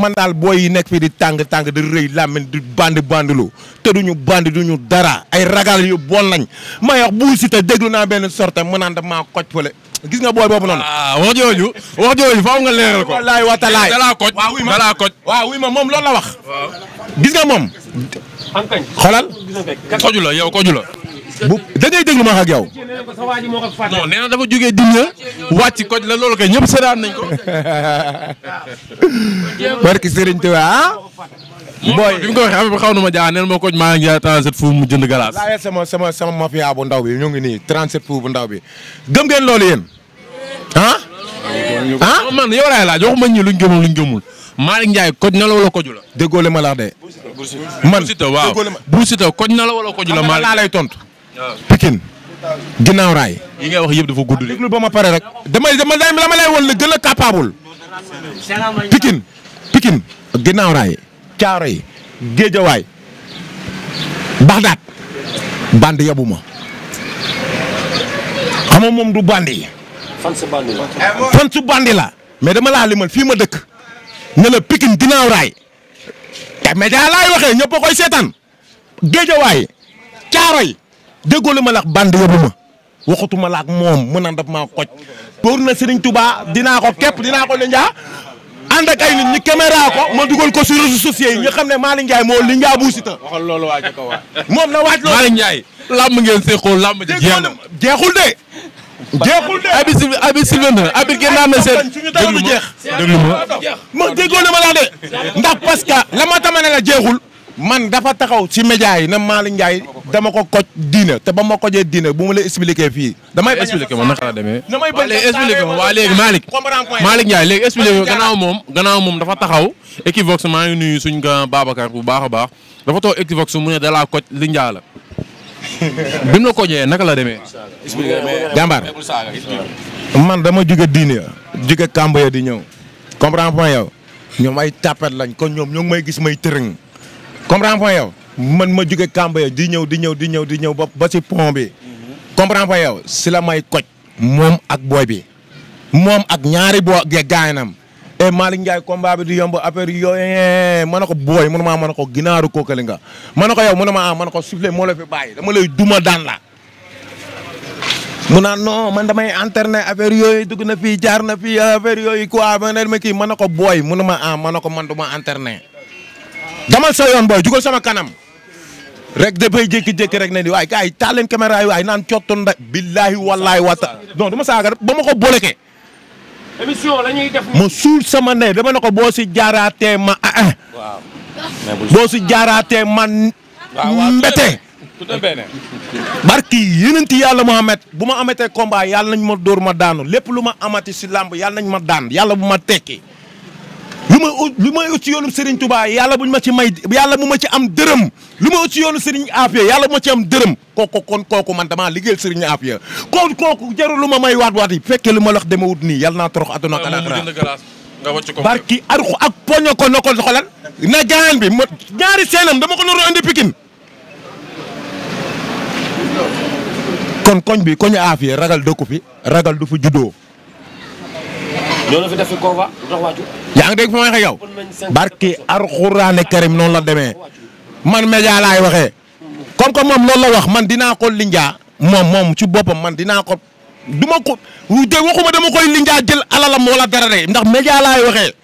man daal booy yi nekk fii di tàng tàng di rëy làmmiñ di bandi bandilu te duñu bandi duñu dara ay ragal yu bon lañ may wax Bou Siteu déglu naa benn sorte mu naan gis nga booy boobu noonu. waaw ah, wax jooju wax jooju faaw nga leeral wa talaay dalaa koj ma moom loolu la wax. gis nga moom. xolal koju la yow koju la. bu da ma ak yow. non nee na dafa jógee dina wàcc ko la lool kay ñëpp seetaan nañ ko. barki te Touba ah. booy bi mu ko waxee xaw na ma jaaxal nee na ma ko maa ngi 37 fu mu jënd galaas. sama sama sama bu ndaw bi ñu ngi nii 37 fu bu ndaw bi gëm ngeen loolu yéen ah. ah man yow laaj waxuma ñi luñ gëmul luñ gëmul Malick Ndiaye koj na la wala koju la. déggoo li ma la wax de. man déggoo li ma. na la wala koju la. Malick tontu. Pikine ginnaaw raay. yi nga wax yëpp dafa gudd. déglu ba ma pare rek damay dama dama lay woon la gën a capable. Pikine Pikine ginnaaw raay caaro yi géejawaay baxdaat band yabu ma xam nga moom du bandi. fan su bandi la. fan mais dama laa limal fii ma dëkk ne la Pikine ginnaaw raay te eh, média laay waxee koy seetaan géejawaay caaro yi déggoo la ma lax band yóbbu ma waxatuma la ak moom mu naan daf maa xoj pour na Serigne Touba dinaa ko képp dinaa ko linjaa ànd ak ay nit ñi caméra ko ma dugal ko sur réseaux sociaux yi xam ne Malick Ndiaye moo linjaa bu Siteu waxal loolu waaj ko waaj moom na waaj loolu Malick Ndiaye làmb ngeen séqoo làmb ji jeexul de jeexul de abi si abi si na abi génnaan na seen suñu dara du jeex déglu ma ma déggoo ma lax de ndax parce que la ma tama ne la jeexul man dafa taxaw ci média yi na Malick Ndiaye dama ko koj diina te ba ma kojee diina bu ma la expliqué fii. damay expliqué ma naka deme demee. damay bëgg léegi expliqué ma waa léegi Malick. Malick Ndiaye léegi expliqué moom gannaaw moom dafa taxaw. Equivox maa ngi nuyu suñ grand Babacar bu baax baax dafa toog Equivox mu ne da laa koj li Ndiaye la. bi mu la kojee naka demee. jàmbaar man dama jóge diina jóge kàmb ya di ñëw. comprends point yow ñoom ay tapet lañ kon ñoom ñoo ngi may gis may tërëng. comprends point man ma jóge Kamba yow di ñëw di ñëw di ñëw di ñëw ba ba si bi. Mhm. comprends point yow si la may koj. moom ak booy bi. moom ak ñaari boo gaaynaam e eh, Malick Ndiaye combat bi du yomb affaire yooyu eh, ma ne ko booy mu ne ma ne ko ginaaru kookali nga ko yow mu ne ma ah ma ne ko soufflé moo fi bàyyi dama naan non man affaire yooyu dugg na jaar na fii yooyu quoi ma ne ko booy mu ma ah ma ko man ma internet damal sa yoon booy jugal sama kanam rek dafay jékki-jékki rek ne ni waay kaay taleen leen caméra yi waay naan cottu nda billaahi wallaahi wata non du ma saaga boo ma ko bolekee. émission sama ñuy def. ma suul sama ne dama ne ko boo si jaaraatee ma ah, ah. boo si jaaraatee ma mbete. barki yénanti yàlla Muhammad bu ma amatee combat yàlla nañ ma dóor ma daanu lépp lu ma amat si làmb yàlla nañ ma daan yàlla bu ma tekki ma ut lu ma ut ci yoonu Serigne Touba yàlla buñ ma ci may yàlla bu ma ci am dërëm lu ma ut ci yoonu Serigne Afia yàlla bu ma ci am dërëm kooku kon kooku man damaa liggéey Serigne Afia kon kooku jarul lu ma may waat waat yi fekkee lu ma wax dama wut nii yàlla naa torox àdduna ak alaaxira nga wàcc ko barki arxu ak poño ko nokkol xoolal na jaan bi ma ñaari seenam dama ko naroon indi Pikine kon koñ bi koñu Afia ragal dëkku fi ragal du fi juddoo ñoo la fi def fi convoi dox wàccu. yaa ngi dégg fu noonu la demee man média lay waxee. comme que moom loolu la wax man dinaa ko linjaa moom moom ci boppam man dinaa ko du ma ko te waxuma dama koy linjaa jël la wala dara de ndax média laay waxee.